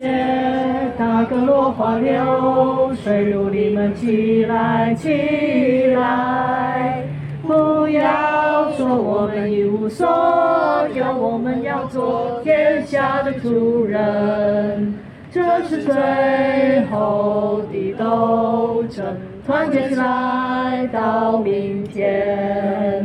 舊世界打個落花流水，奴隸們起來起來！不要說我們一無所有，我們要做天下的主人。這是最後的鬥爭，團結起來，到明天。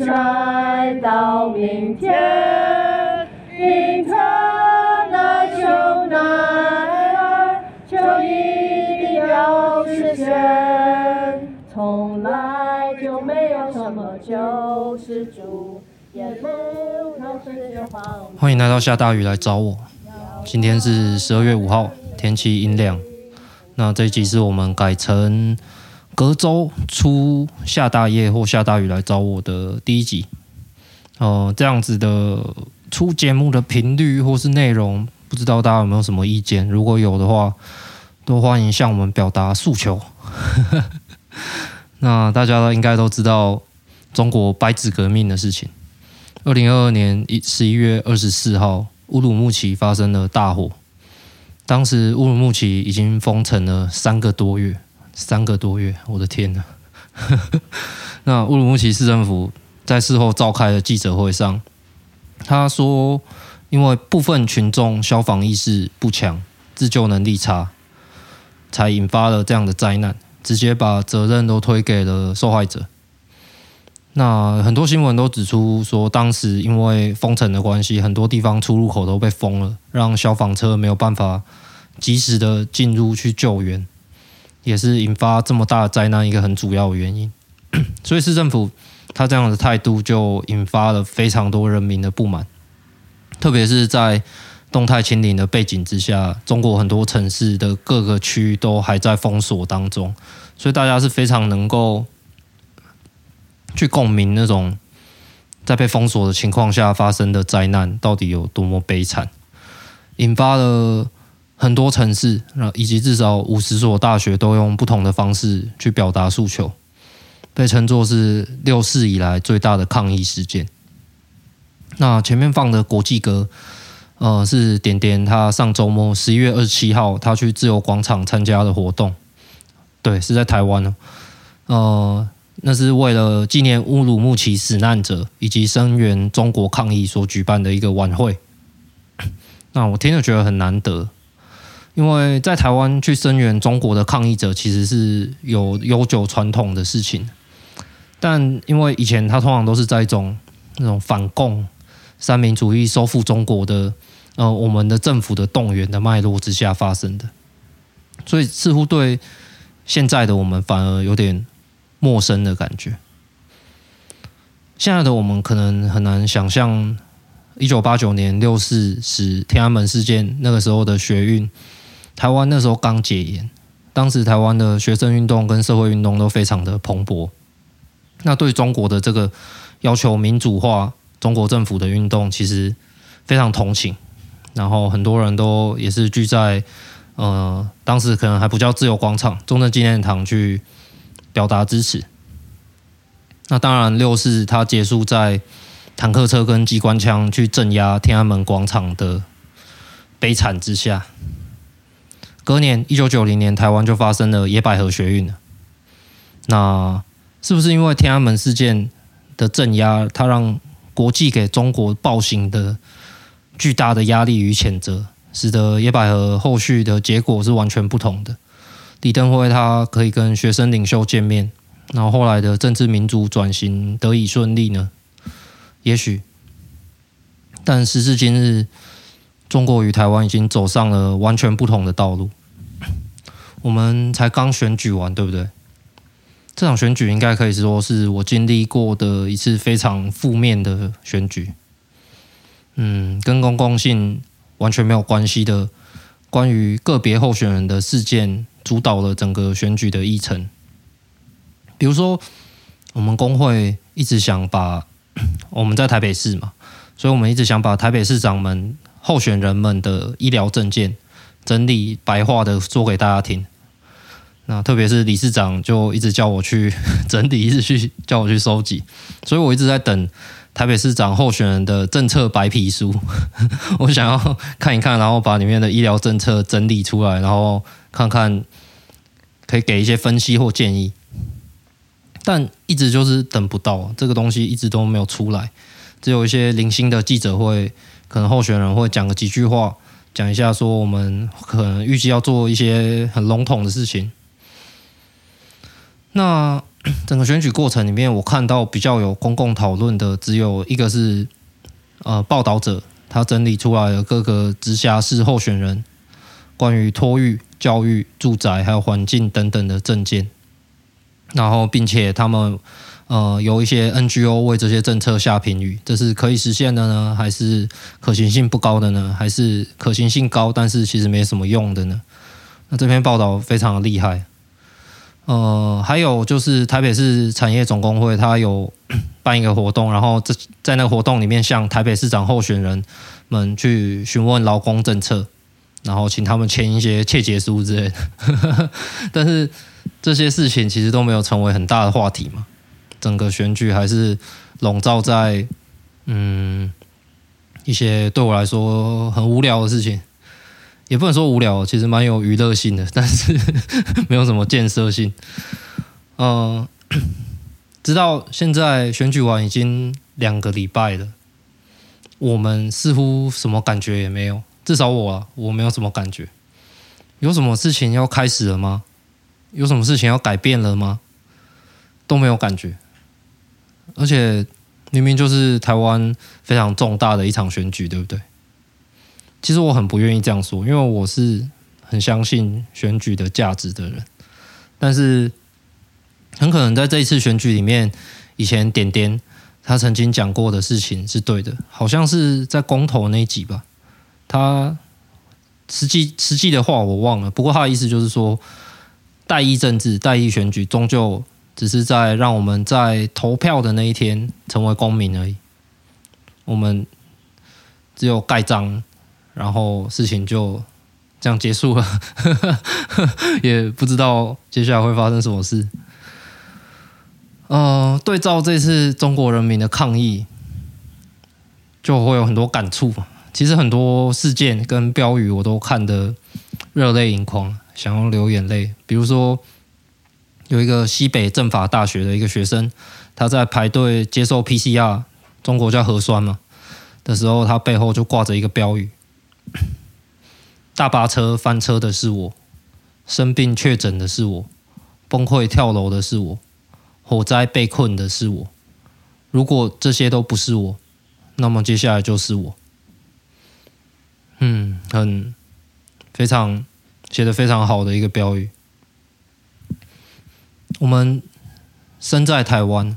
歡迎來到下大雨來找我。今天是十二月五號，天氣陰涼。那這一集是我們改成。隔週出下大夜或下大雨來找我的第一集，呃，這樣子的出節目的頻率或是內容，不知道大家有沒有什麼意見？如果有的話，都歡迎向我們表達訴求。 那大家都應該都知道中國白紙革命的事情。二零二二年十一月二十四號，烏魯木齊發生了大火。當時烏魯木齊已經封城了三個多月。三個多月，我的天吶！ 那烏魯木齊市政府在事後召開的記者會上，他說：“因為部分群衆消防意識不強，自救能力差，才引發了這樣的災難，直接把責任都推給了受害者。”那很多新聞都指出說，當時因為封城的關係，很多地方出入口都被封了，讓消防車沒有辦法及時的進入去救援。也是引發這麼大災難一個很主要的原因， 所以市政府他這樣的態度就引發了非常多人民的不滿，特別是在動態清零的背景之下，中國很多城市的各個區都還在封鎖當中，所以大家是非常能夠去共鳴那種在被封鎖的情況下發生的災難到底有多麼悲慘，引發了。很多城市，以及至少五十所大學都用不同的方式去表達訴求，被稱作是六四以來最大的抗議事件。那前面放的國際歌，呃，是點點他上周末十一月二十七號他去自由廣場參加的活動，對，是在台灣哦。呃，那是為了紀念烏魯木齊死難者以及聲援中國抗議所舉辦的一個晚會。那我聽了覺得很難得。因為在台灣去聲援中國的抗議者，其實是有悠久傳統的事情，但因為以前他通常都是在一種那種反共、三民主義、收復中國的呃，我們的政府的動員的脈絡之下發生的，所以似乎對現在的我們反而有點陌生的感覺。現在的我們可能很難想象一九八九年六四時天安門事件那個時候的學運。台灣那時候剛解嚴，當時台灣的學生運動跟社會運動都非常的蓬勃。那對中國的這個要求民主化，中國政府的運動其實非常同情。然後很多人都也是聚在，呃，當時可能還不叫自由廣場，中正紀念堂去表達支持。那當然六四他結束在坦克車跟機關槍去鎮壓天安門廣場的悲慘之下。隔年，一九九零年，台灣就發生了野百合學運了。那是不是因為天安門事件的鎮壓，它讓國際給中國暴行的巨大的壓力與譴責，使得野百合後續的結果是完全不同的？李登輝他可以跟學生領袖見面，然後後來的政治民主轉型得以順利呢？也許，但時至今日，中國與台灣已經走上了完全不同的道路。我們才剛選舉完，對不對？這場選舉應該可以說是我經歷過的一次非常負面的選舉。嗯，跟公共性完全沒有關係的，關於個別候選人的事件主導了整個選舉的議程。比如說，我們工會一直想把我們在台北市嘛，所以我們一直想把台北市長們候選人們的醫療政見整理白話的說給大家聽。那特別是理事長就一直叫我去整理，一直去叫我去收集，所以我一直在等台北市長候選人的政策白皮書， 我想要看一看，然後把裡面的醫療政策整理出來，然後看看可以給一些分析或建議。但一直就是等不到這個東西，一直都沒有出來，只有一些零星的記者會，可能候選人會講個幾句話，講一下說我們可能預計要做一些很籠統的事情。那整個選舉過程裡面，我看到比較有公共討論的，只有一個是呃，報道者他整理出來的各個直轄市候選人關於托育、教育、住宅還有環境等等的政見。然後並且他們呃有一些 NGO 為這些政策下評語，這是可以實現的呢，還是可行性不高的呢，還是可行性高但是其實沒什麼用的呢？那這篇報道非常的厲害。呃，還有就是台北市產業總工會，他有辦一個活動，然後在在那個活動裡面，向台北市長候選人們去詢問勞工政策，然後請他們簽一些切結書之類的。 但是這些事情其實都沒有成為很大的話題嘛，整個選舉還是籠罩在嗯一些對我來說很無聊的事情。也不能說無聊，其實蠻有娛樂性的，但是呵呵沒有什麼建設性。嗯、呃，直到現在選舉完已經兩個禮拜了，我們似乎什麼感覺也沒有。至少我，啊，我沒有什麼感覺。有什麼事情要開始了嗎？有什麼事情要改變了嗎？都沒有感覺，而且明明就是台灣非常重大的一場選舉，對不對？其實我很不願意這樣說，因為我是很相信選舉的價值的人。但是，很可能在這一次選舉裡面，以前點點他曾經講過的事情是對的，好像是在公投那一集吧。他實際實際的話我忘了，不過他的意思就是說，代議政治、代議選舉，終究只是在讓我們在投票的那一天成為公民而已。我們只有蓋章。然後事情就這樣結束了，也不知道接下來會發生什麼事。呃，對照這次中國人民的抗議，就會有很多感觸。其實很多事件跟標語我都看得熱淚盈眶，想要流眼淚。比如說，有一個西北政法大學的一個學生，他在排隊接受 PCR（ 中國叫核酸嘛）的時候，他背後就掛着一個標語。大巴車翻車的是我，生病確診的是我，崩潰跳樓的是我，火災被困的是我。如果這些都不是我，那麼接下來就是我。嗯，很非常寫得非常好的一個標語。我們生在台灣，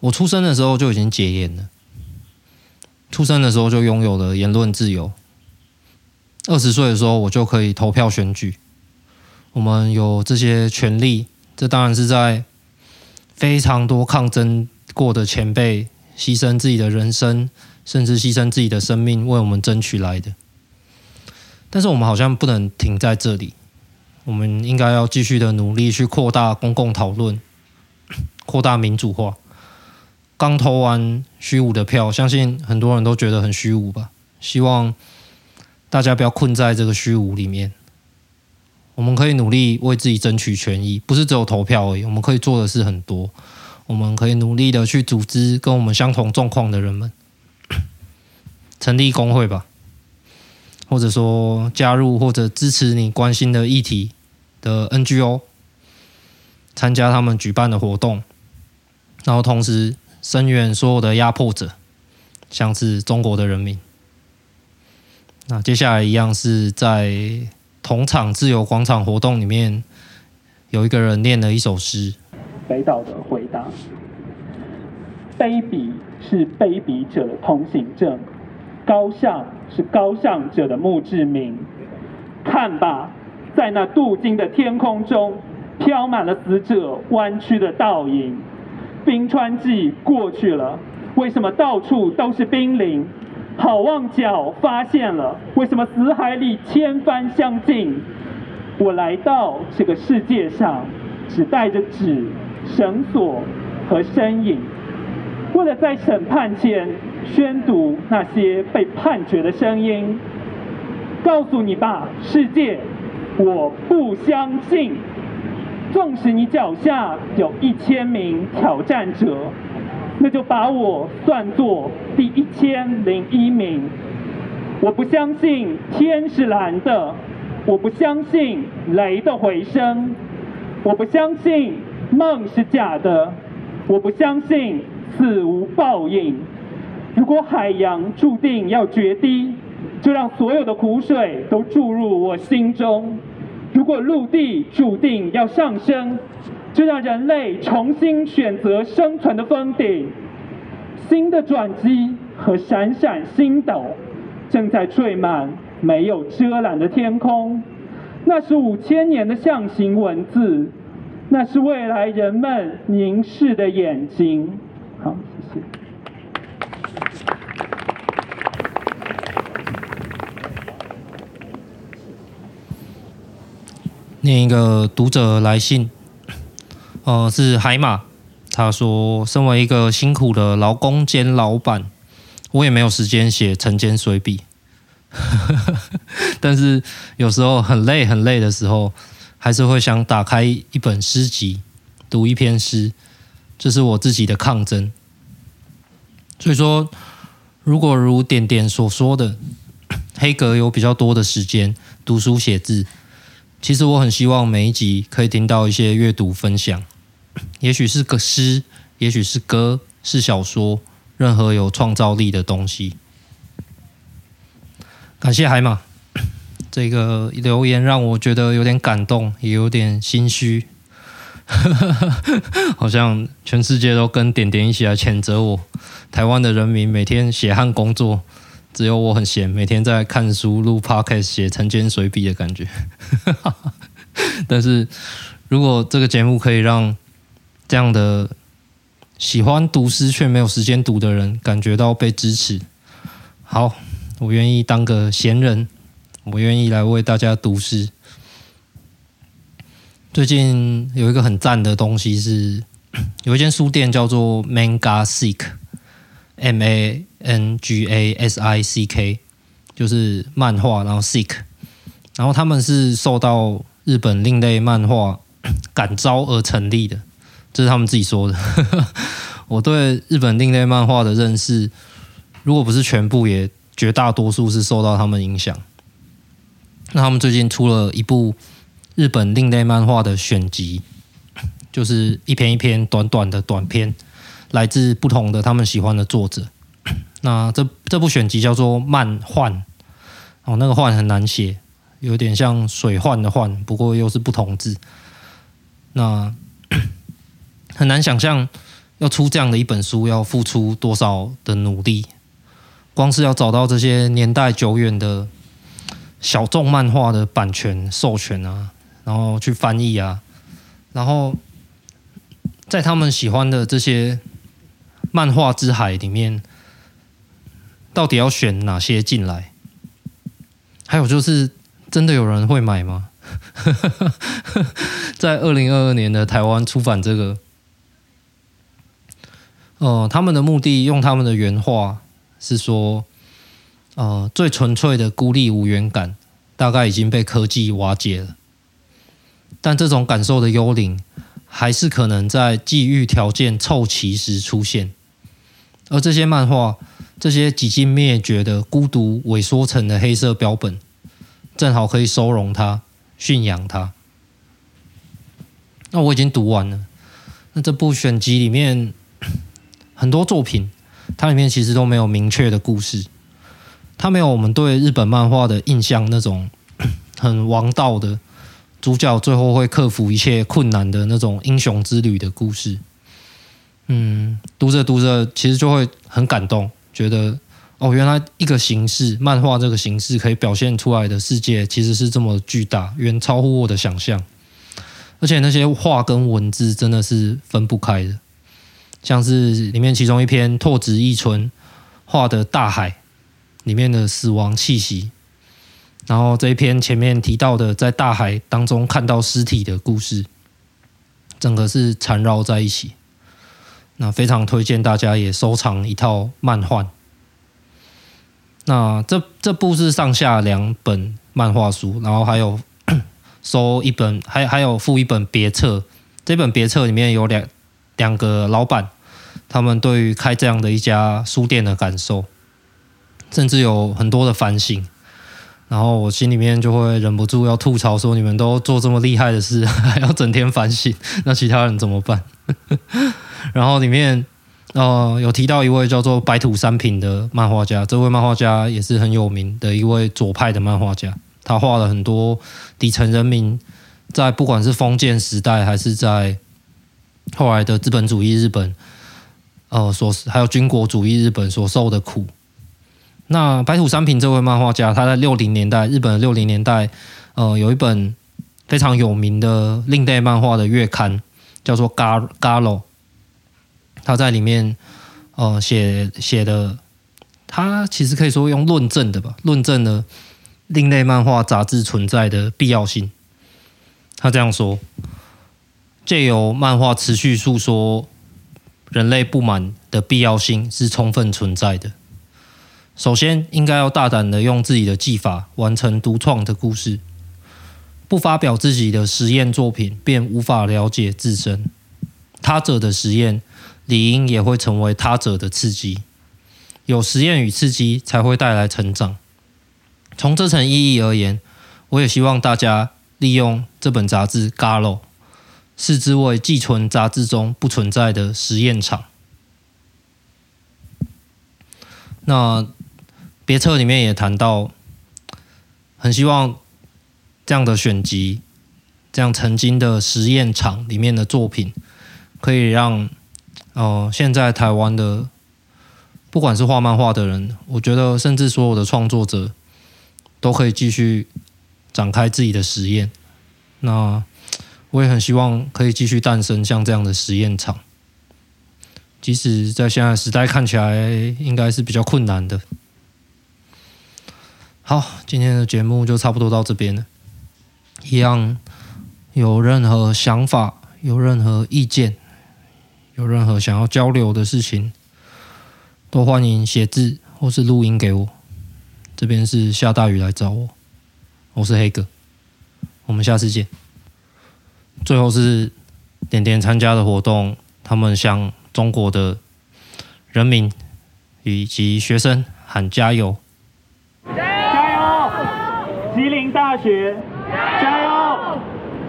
我出生的時候就已經解嚴了。出生的時候就擁有了言論自由，二十歲的時候我就可以投票選舉，我們有這些權利，這當然是在非常多抗爭過的前輩犧牲自己的人生，甚至犧牲自己的生命為我們爭取來的。但是我們好像不能停在這裡，我們應該要繼續的努力去擴大公共討論，擴大民主化。剛投完虛無的票，相信很多人都覺得很虛無吧？希望大家不要困在這個虛無裡面。我們可以努力為自己爭取權益，不是只有投票而已。我們可以做的事很多，我們可以努力的去組織跟我們相同狀況的人們，成立工會吧，或者說加入或者支持你關心的議題的 NGO，參加他們舉辦的活動，然後同時。聲援所有的壓迫者，像是中國的人民。那接下來一樣是在同場自由廣場活動裡面，有一個人念了一首詩：北島的回答。卑鄙是卑鄙者的通行證，高尚是高尚者的墓志銘。看吧，在那鍍金的天空中，飄滿了死者彎曲的倒影。冰川紀過去了，為什麼到處都是冰凌？好望角發現了，為什麼死海裡千帆相競？我來到這個世界上，只帶着紙、繩索和身影，為了在審判前宣讀那些被判決的聲音。告訴你吧，世界，我不相信。縱使你腳下有一千名挑戰者，那就把我算作第一千零一名。我不相信天是藍的，我不相信雷的回聲，我不相信夢是假的，我不相信死無報應。如果海洋注定要決堤，就讓所有的苦水都注入我心中。如果陸地注定要上升，就讓人類重新選擇生存的峰頂。新的轉機和閃閃星斗，正在綴滿沒有遮攔的天空。那是五千年的象形文字，那是未來人們凝視的眼睛。好。念一個讀者來信，呃，是海馬，他說：“身為一個辛苦的勞工兼老板，我也沒有時間寫晨間隨筆。 但是有時候很累很累的時候，還是會想打開一本詩集，讀一篇詩，這是我自己的抗爭。所以說，如果如點點所說的，黑格有比較多的時間讀書寫字。”其實我很希望每一集可以聽到一些閱讀分享，也許是個詩，也許是歌，是小說，任何有創造力的東西。感謝海馬，這個留言讓我覺得有點感動，也有點心虛， 好像全世界都跟點點一起來譴責我。台灣的人民每天血汗工作。只有我很閒，每天在看書、錄 podcast、寫晨間隨筆的感覺。 但是，如果這個節目可以讓這樣的喜歡讀詩卻沒有時間讀的人感覺到被支持，好，我願意當個閒人，我願意來為大家讀詩。最近有一個很讚的東西是，有一間書店叫做 mangasick。M A N G A S I C K，就是漫畫，然後 sick，然後他們是受到日本另類漫畫感召而成立的，這是他們自己說的。 我對日本另類漫畫的認識，如果不是全部，也絕大多數是受到他們影響。那他們最近出了一部日本另類漫畫的選集，就是一篇一篇短短的短篇。來自不同的他們喜歡的作者，那這這部選集叫做《漫渙》，哦，那個“渙”很難寫，有點像“水患”的“患”，不過又是不同字。那很難想象要出這樣的一本書要付出多少的努力，光是要找到這些年代久遠的小眾漫畫的版權授權啊，然後去翻譯啊，然後在他們喜歡的這些。漫畫之海裡面，到底要選哪些進來？還有就是，真的有人會買嗎？ 在二零二二年的台灣出版這個，哦、呃，他們的目的用他們的原話是說，呃，最純粹的孤立無援感，大概已經被科技瓦解了，但這種感受的幽靈。還是可能在際遇條件湊齊時出現，而這些漫畫，這些幾近滅絕的孤獨萎縮成的黑色標本，正好可以收容它，馴養它。那我已經讀完了，那這部選集裡面很多作品，它裡面其實都沒有明確的故事，它沒有我們對日本漫畫的印象那種很王道的。主角最後會克服一切困難的那種英雄之旅的故事，嗯，讀着讀着，其實就會很感動，覺得哦，原來一個形式，漫畫這個形式可以表現出來的世界，其實是這麼巨大，遠超乎我的想象。而且那些畫跟文字真的是分不開的，像是裡面其中一篇拓殖一村畫的大海裡面的死亡氣息。然後這一篇前面提到的，在大海當中看到屍體的故事，整個是纏繞在一起。那非常推薦大家也收藏一套漫畫。那這這部是上下兩本漫畫書，然後還有收一本，還還有附一本別冊。這本別冊裡面有兩兩個老板，他們對於開這樣的一家書店的感受，甚至有很多的反省。然後我心裡面就會忍不住要吐槽說：“你們都做這麼厲害的事，還要整天反省，那其他人怎麼辦？” 然後裡面呃有提到一位叫做白土三平的漫畫家，這位漫畫家也是很有名的一位左派的漫畫家，他畫了很多底層人民在不管是封建時代，還是在後來的資本主義日本，呃所還有軍國主義日本所受的苦。那白土三平這位漫畫家，他在六零年代，日本六零年代，呃，有一本非常有名的另類漫畫的月刊，叫做《GARO》，他在裡面，呃，寫寫的，他其實可以說用論證的吧，論證了另類漫畫雜誌存在的必要性。他這樣說：借由漫畫持續訴說人類不滿的必要性，是充分存在的。首先，應該要大膽地用自己的技法完成獨創的故事。不發表自己的實驗作品，便無法了解自身。他者的實驗，理應也會成為他者的刺激。有實驗與刺激，才會帶來成長。從這層意義而言，我也希望大家利用這本雜誌《GARO》，視之為寄存雜誌中不存在的實驗場。那。別冊裡面也談到，很希望這樣的選集，這樣曾經的實驗場裡面的作品，可以讓呃現在台灣的不管是畫漫畫的人，我覺得甚至所有的創作者都可以繼續展開自己的實驗。那我也很希望可以繼續誕生像這樣的實驗場，即使在現在時代看起來應該是比較困難的。好，今天的節目就差不多到這邊了。一樣，有任何想法、有任何意見、有任何想要交流的事情，都歡迎寫字或是錄音給我。這邊是下大雨來找我，我是黑哥，我們下次見。最後是點點參加的活動，他們向中國的人民以及學生喊加油。大學，加油！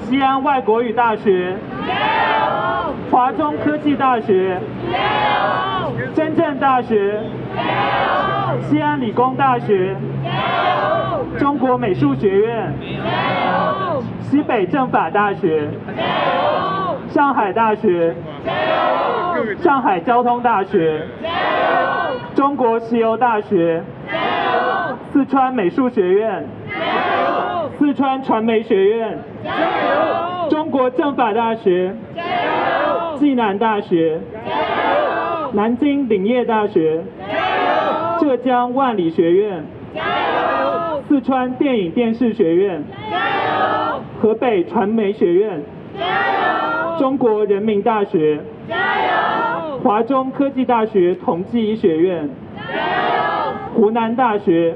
西安外國語大學，加油！華中科技大學，加油！深圳大學，加油！西安理工大學，加油！中國美術學院，加油！西北政法大學，加油！上海大學，加油！上海交通大學，加油！中國石油大學，加油！四川美術學院，加油！加油四川傳媒學院，加油！中國政法大學，加油！濟南大學，加油！南京林業大學，加油！浙江萬里學院，加油！四川電影電視學院，加油！河北傳媒學院，加油！中國人民大學，加油！華中科技大學同濟醫學院，加油！湖南大學。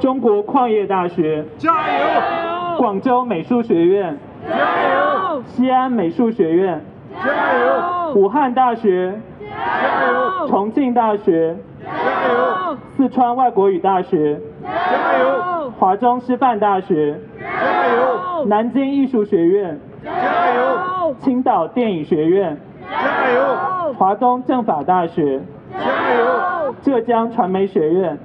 中國礦業大學，加油！廣州美術學院，加油！西安美術學院，加油！武漢大學，加油！重慶大學，加油！四川外國語大學，加油！華中師範大學，加油！南京藝術學院，加油！青島電影學院，加油！華東政法大學，加油！浙江傳媒學院。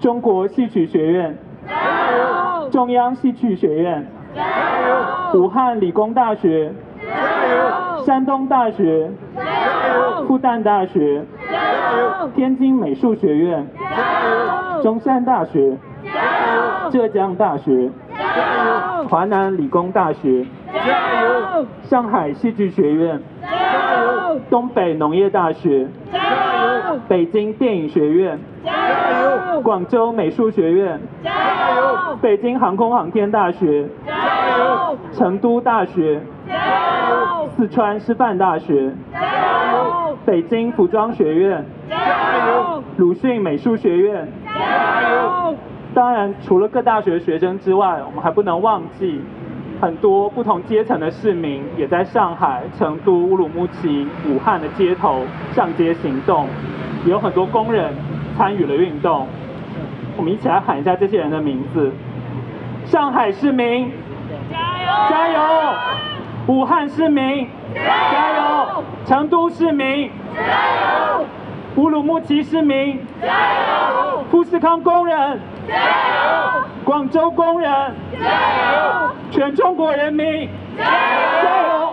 中國戲曲學院，加油！中央戲劇學院，加油！武漢理工大學，加油！山東大學，加油！復旦大學，加油！天津美術學院，加油！中山大學，加油！浙江大學，加油！華南理工大學，加油！上海戲劇學院，加油！東北農業大學，加油！北京電影學院，加油！廣州美術學院，加油！北京航空航天大學，加油！成都大學，加油！四川師範大學，加油！北京服裝學院，加油！魯迅美術學院，加油！當然，除了各大學學生之外，我們還不能忘記很多不同階層的市民，也在上海、成都、烏魯木齊、武漢的街頭上街行動，有很多工人。參與了運動，我們一起來喊一下這些人的名字：上海市民，加油！加油！武漢市民，加油！成都市民，加油！烏魯木齊市民，加油！富士康工人，加油！廣州工人，加油！全中國人民，加油！加油！